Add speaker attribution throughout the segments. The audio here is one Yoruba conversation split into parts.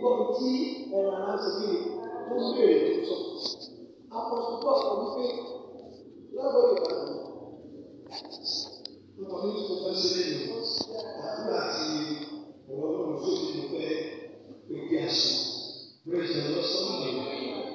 Speaker 1: gbọ́ tí ẹ̀rọ ara ń ṣe kí ni tó ń bèèrè sọ. Apọ̀sù pọ̀ sọ wípé lọ́dọ̀ Ìbàdàn mo kàn ní kí mo fẹ́ ṣe lẹ́yìn àdúrà àti ọ̀rọ̀ ọlọ́run tó ti mo fẹ́ pé kí a ṣe bẹ́ẹ̀ ṣe lọ́sọ̀rọ̀ nìyẹn.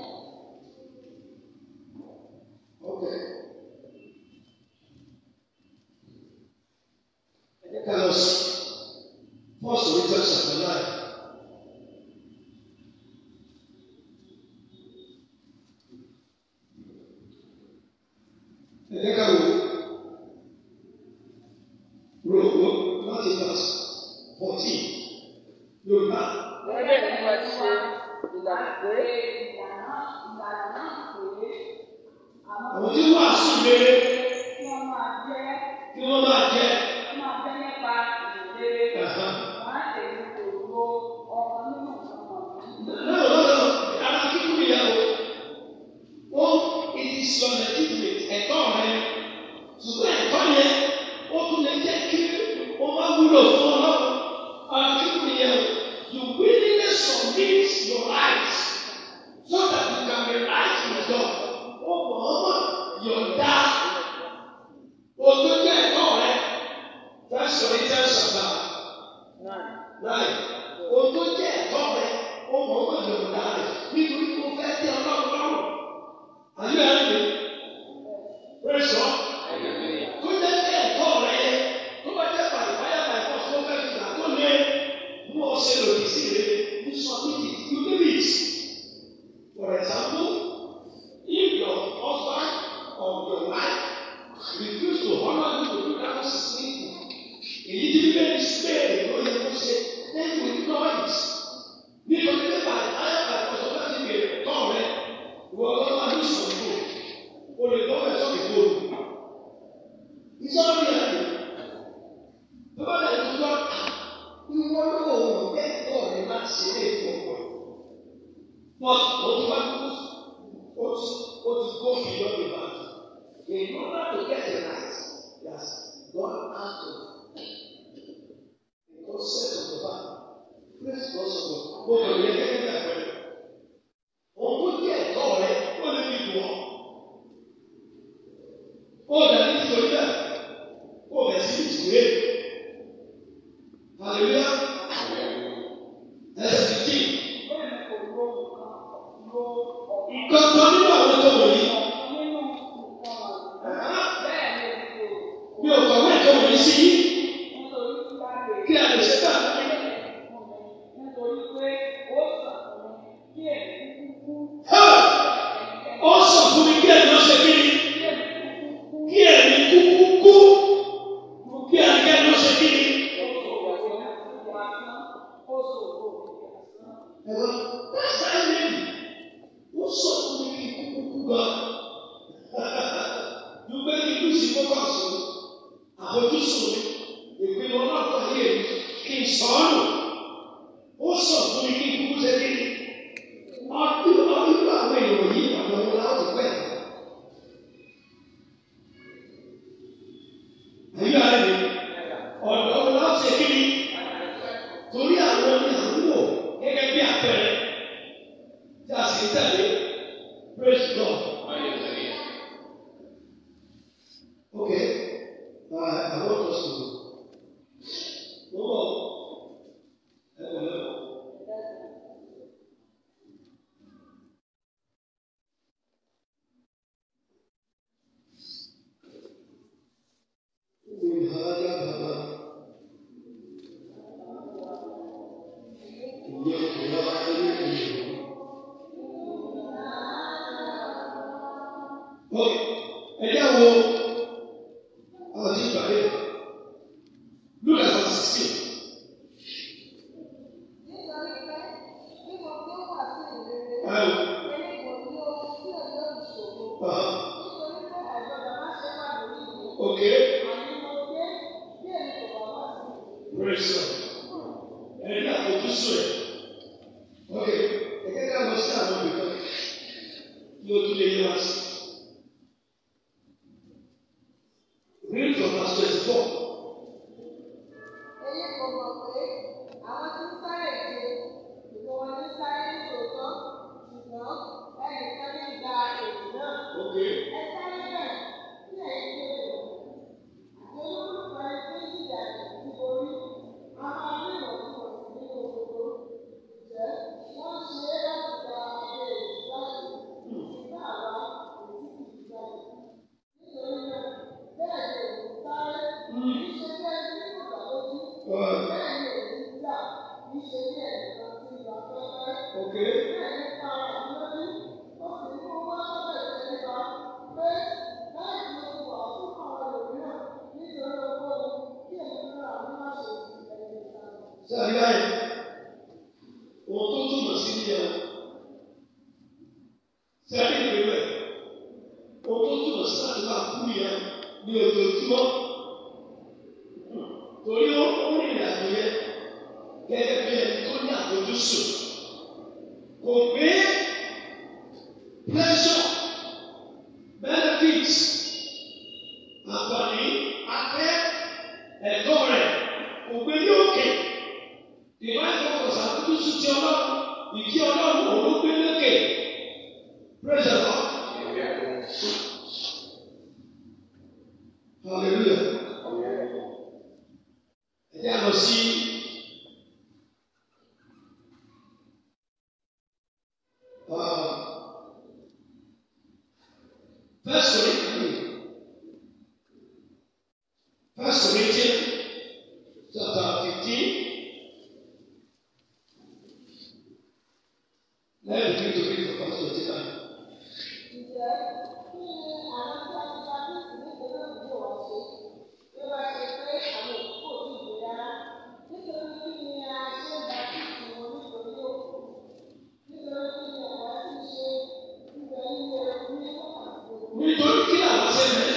Speaker 1: sọ ní ten sọ gbà náì ojú jẹ ẹ̀tọ́ rẹ ó mọ ọmọ ìlú dáa rẹ nítorí mo fẹ́ tẹ Ọlọ́run lọ́rùn àyè ẹni.
Speaker 2: Look, So, anyway,
Speaker 1: nítorí kí làwọn ṣe ń bẹ.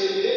Speaker 1: Spirit.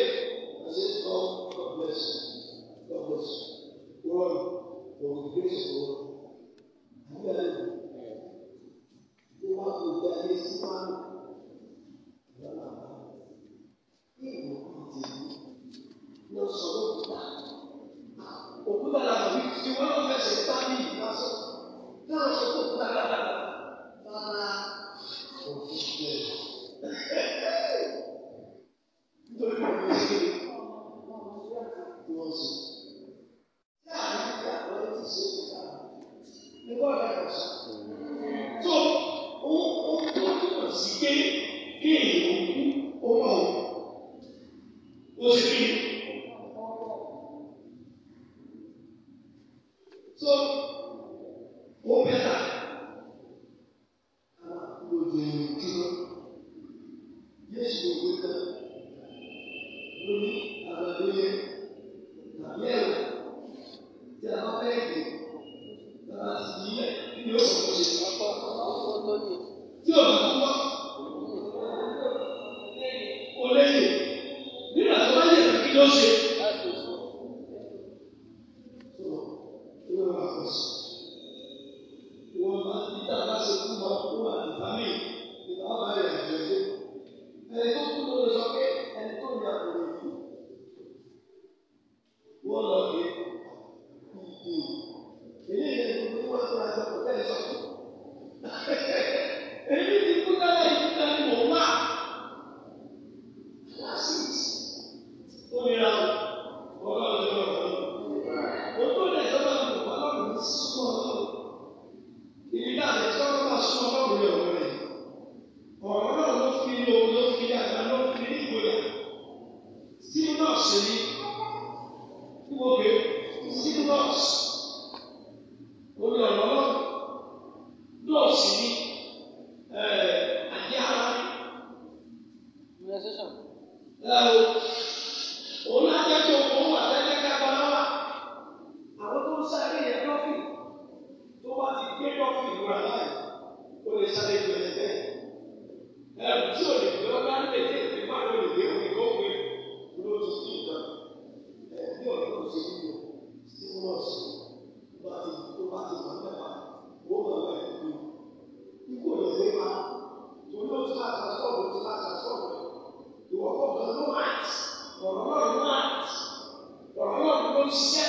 Speaker 1: yourself.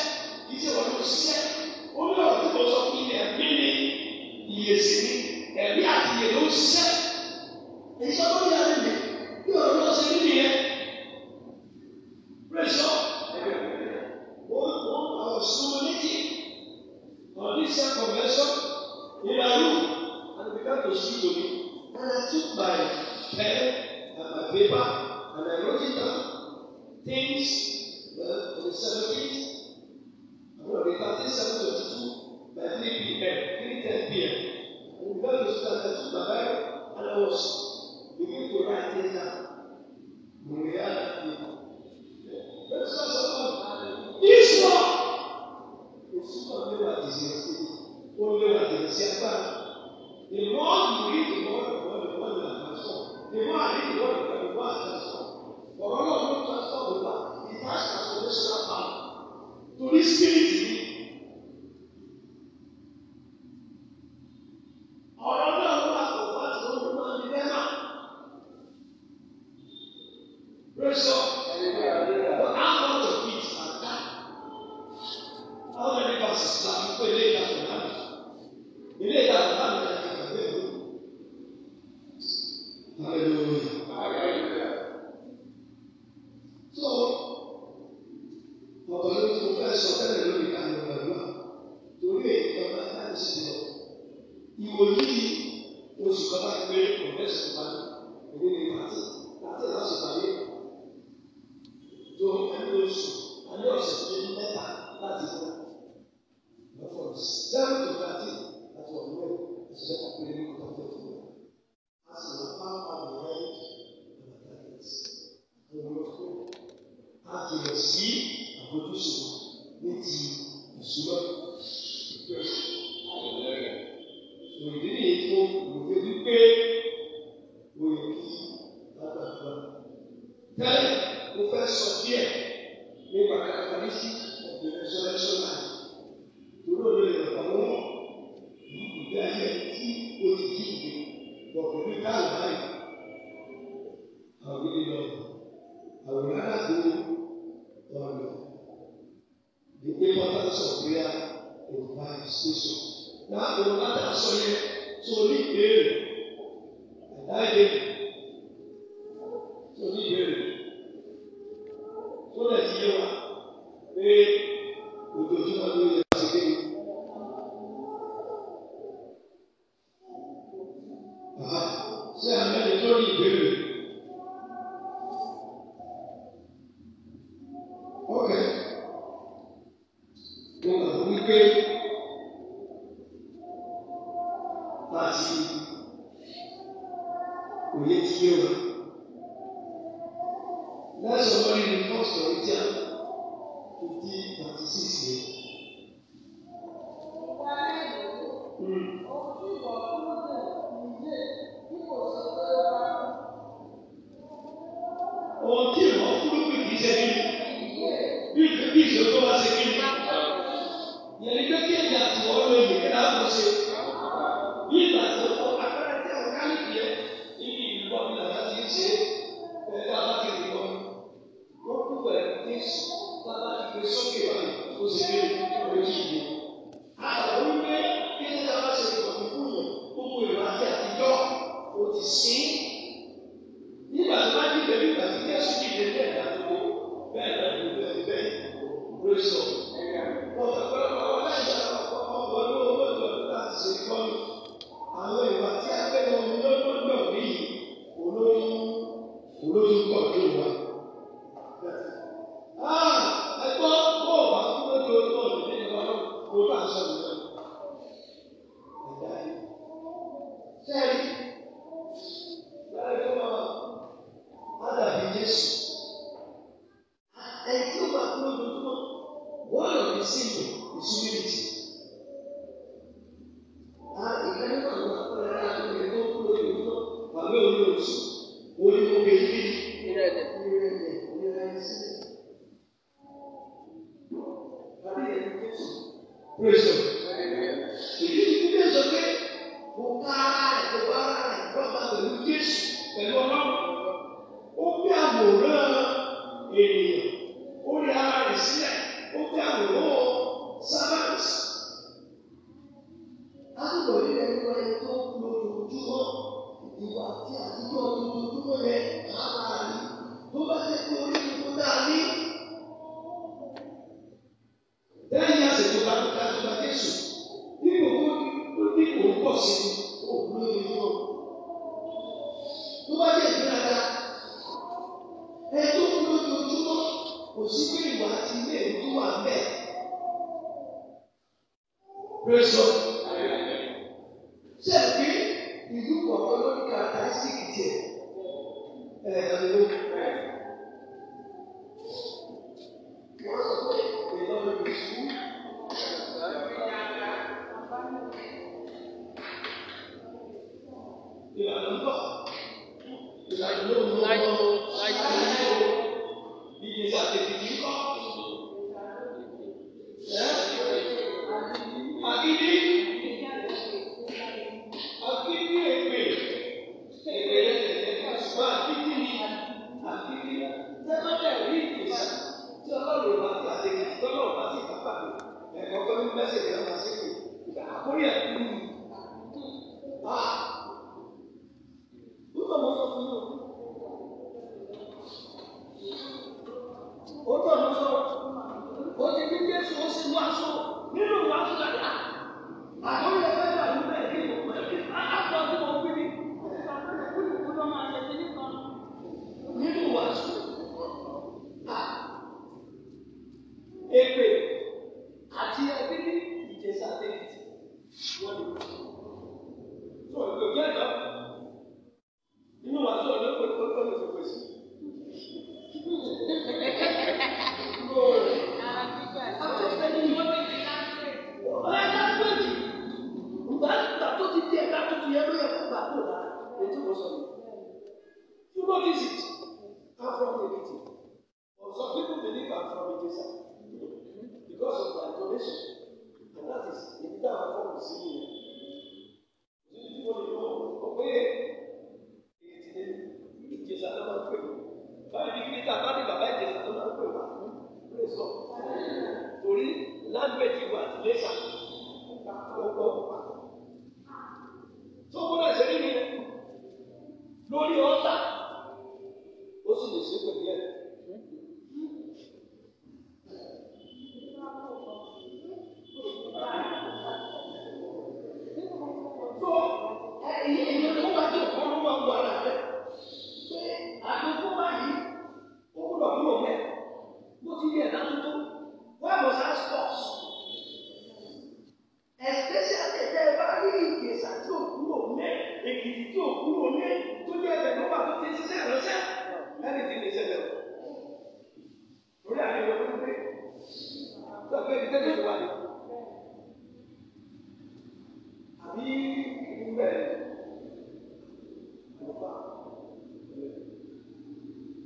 Speaker 1: Et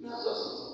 Speaker 1: Jesus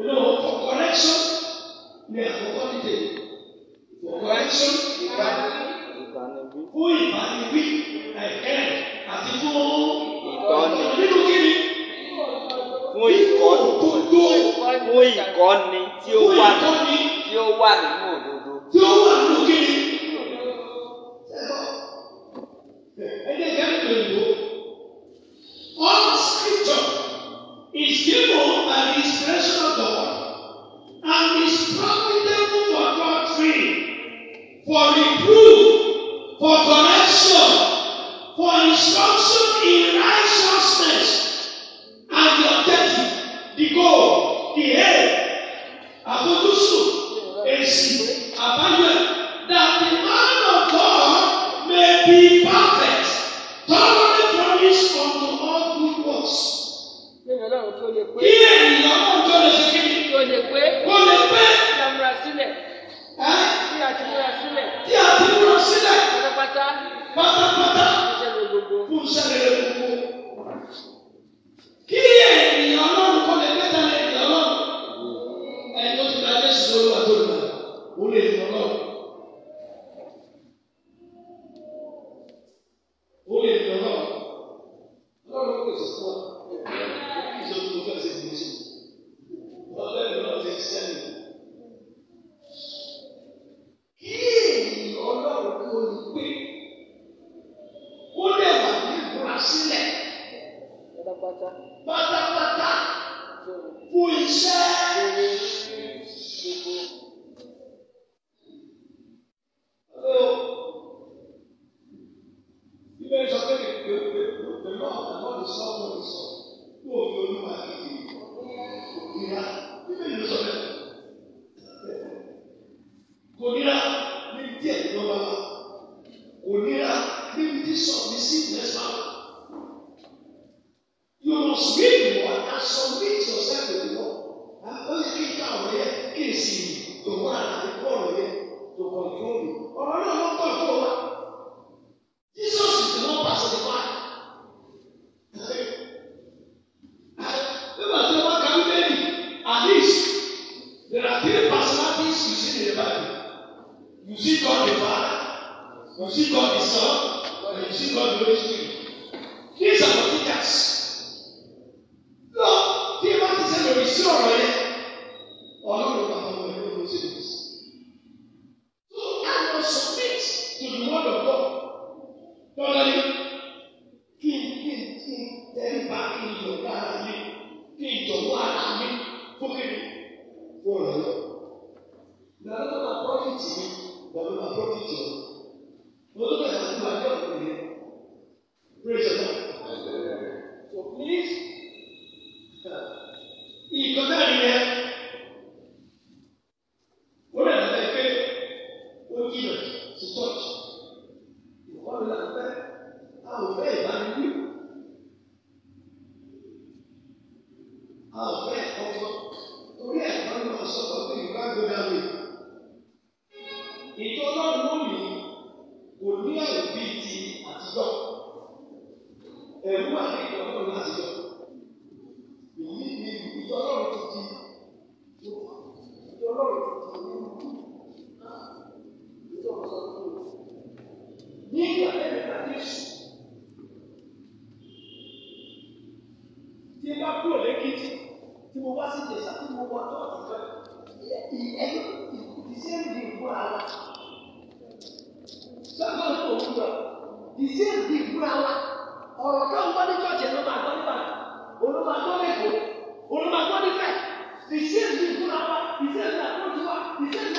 Speaker 1: You know, for correction, we are for holiday. For correction, valores que the same thing wa ọ̀rọ̀ tó ń gbọ́ ní church ẹ̀ ló máa gbọ́ nípa olú máa gbọ́ lẹ́kọ̀ọ́ olú máa gbọ́ nífẹ̀ẹ́ the same thing wa the same thing wa the same.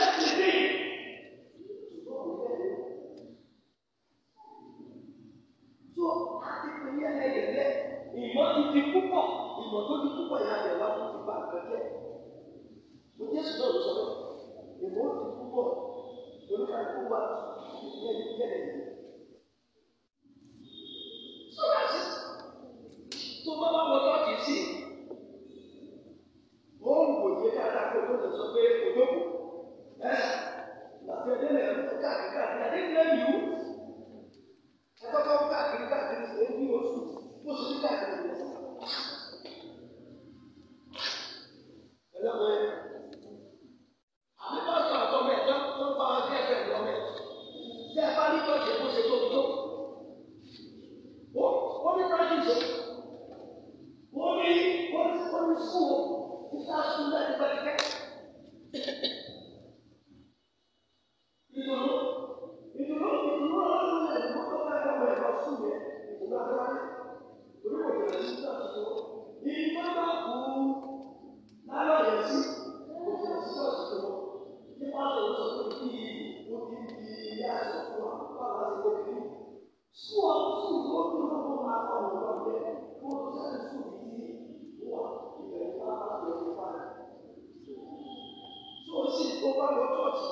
Speaker 1: tó bá lọ tọ́ọ̀tì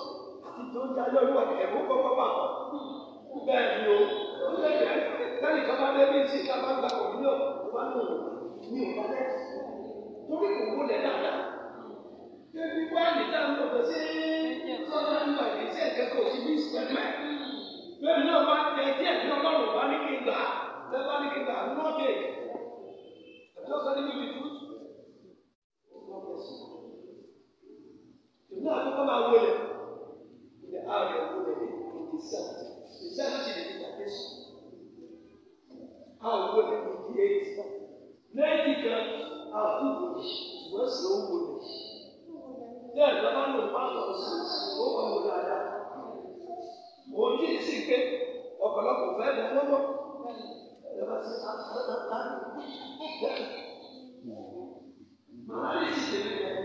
Speaker 1: àti tó ń jayọ́ olúwa ẹ̀rú kọ́kọ́ Bẹ́ẹ̀ ni o, ó lè rẹ̀ lẹ́yìn kan bá lé bí sí ká bá gba òun náà ó bá lò ní òun bá Torí kò wọlé dáadáa. Ebi wá ní dáhùn ló sí sọ́dọ̀ nípa ìdíjẹ́ ìkẹ́kọ̀ọ́ sí bí ìsìnkẹ́mẹ́. Bẹ́ẹ̀ni náà bá tẹ díẹ̀ ní ọlọ́run bá ní kí n gbà, bẹ́ẹ̀ bá ní kí n gbà, ní bíbí ìní àkọ́kọ́ máa wọ ilẹ̀ ilẹ̀ ààrẹ ìwọlẹ̀ ní ìdí sáà ìdí àti ìdí ìdàkẹ́sì àwọn wọlé ìdí èyí lẹ́yìn kan àfúgbò ìwé sì ó wọlé bẹ́ẹ̀ ló bá lọ sí ó wà wọ òun yìí sì pé ọ̀pọ̀lọpọ̀ fẹ́ lọ lọ́wọ́ ẹ̀rọ bá ti àtàtà máa ń sì tẹ̀lé ẹ̀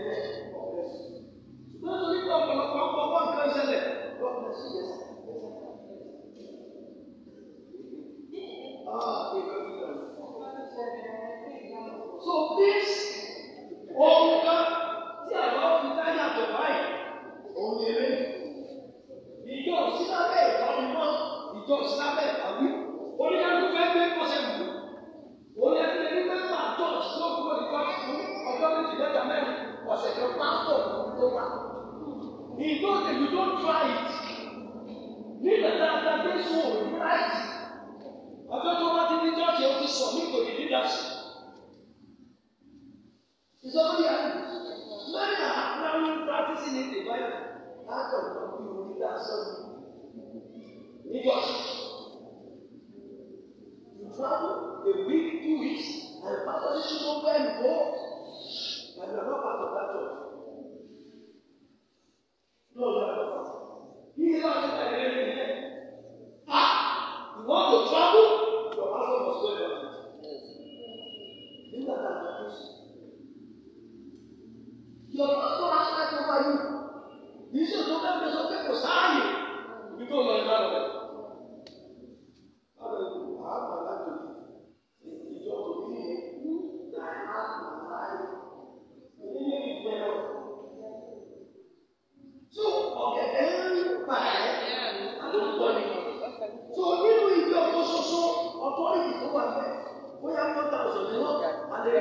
Speaker 1: ọ̀pọ̀lọpọ̀ ọgbọ́n kan ṣẹlẹ̀ wọ́n fẹ́ ṣe yẹsẹ̀.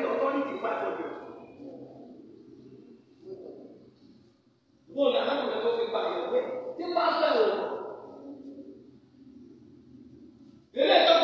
Speaker 1: the authority fight for you. Wọ́n ní alákùnrin tó fi gba ìyàwó ẹ̀ tí pásítọ̀ wò. Ilé ìjọba.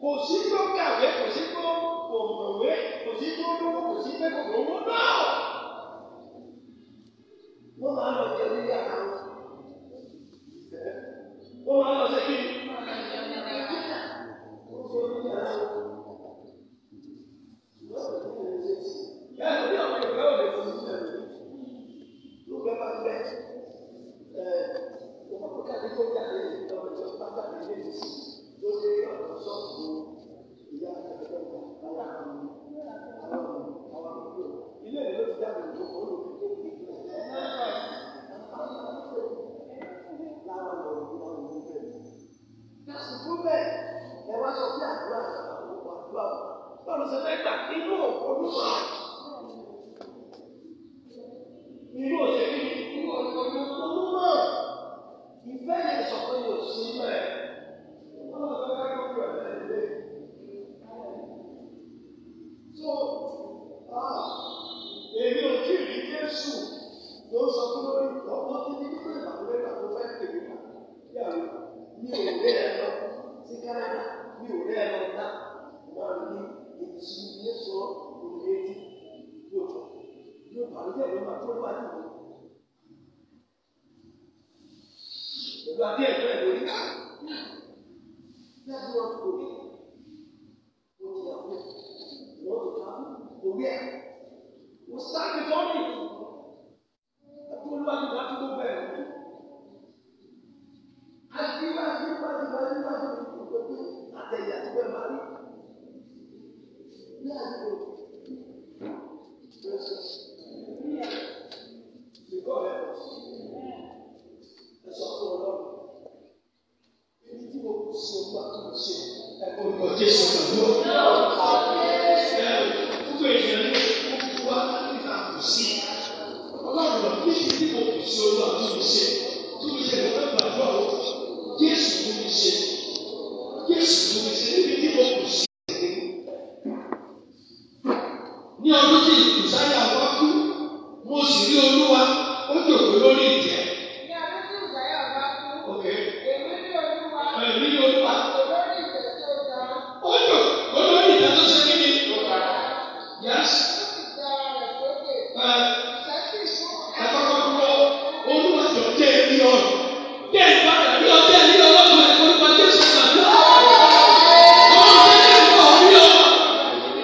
Speaker 1: kò sí tó kàwé kò sí tó òmòwé kò sí tó lówó kò sí pé lówó náà wọ́n máa lọ jẹ nílé àná wọn máa lọ sẹ́kìrì. nínú òkú olúmọ. gbàdé ẹ̀jọ́